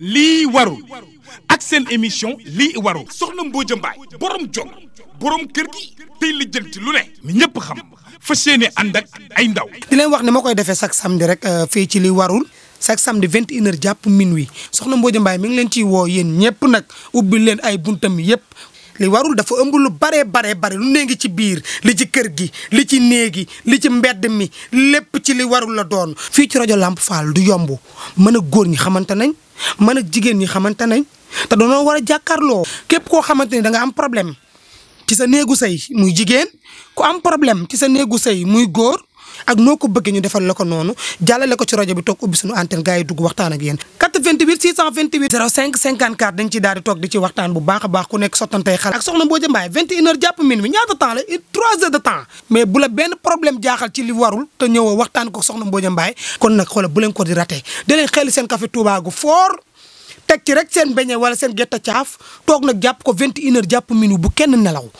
lii waru ak seen émission lii waru soxna Mbodja Mbaay borom jom borom kër gi tey lijjanti lu ne mi ñëpp xam fas yéene ànd ak ay ndaw di leen wax ne ma koy defee chaque samedi rek euh, fii ci lii warul chaque samedi 21h jàpp minuit soxna Mbodja Mbaay mi ngi leen ciy woo yéen ñëpp nag ubbi leen ay buntam yëpp li warul dafa ëmb lu baree baree bare lu nee ci biir li ci kër gi li ci néegi li ci mbedd mi lépp ci li warul la doon. fii ci rajo làmp Fall du yomb mën a góor ñi xamante nañ mën a jigéen ñi xamante nañ te dañoo war a jàkkaarloo. képp koo xamante ni da nga am problème ci sa néegu sëy muy jigéen ku am problème ci sa néegu sëy muy góor. ak noo ko bëggee ñu defal la ko noonu jàllale ko ci rajo bi toog ubbi suñu antenne gars yi dugg waxtaan ak yéen. 728 628 05 54 dañ ci daal di toog di ci waxtaan bu baax a baax ku nekk sottantey xal ak soxna Mbodj Mbaye 21 heures jàpp min bi ñaata temps la 3 heures de temps mais bu la benn problème jaaxal ci li warul te ñëwoo waxtaan ko soxna Mbodj Mbaye kon nag xoolal bu leen ko di raté da leen xel seen café Touba gu teg ci rek seen beñe wala seen getta caaf toog nag jàpp ko 21 heures jàpp min bu kenn nelaw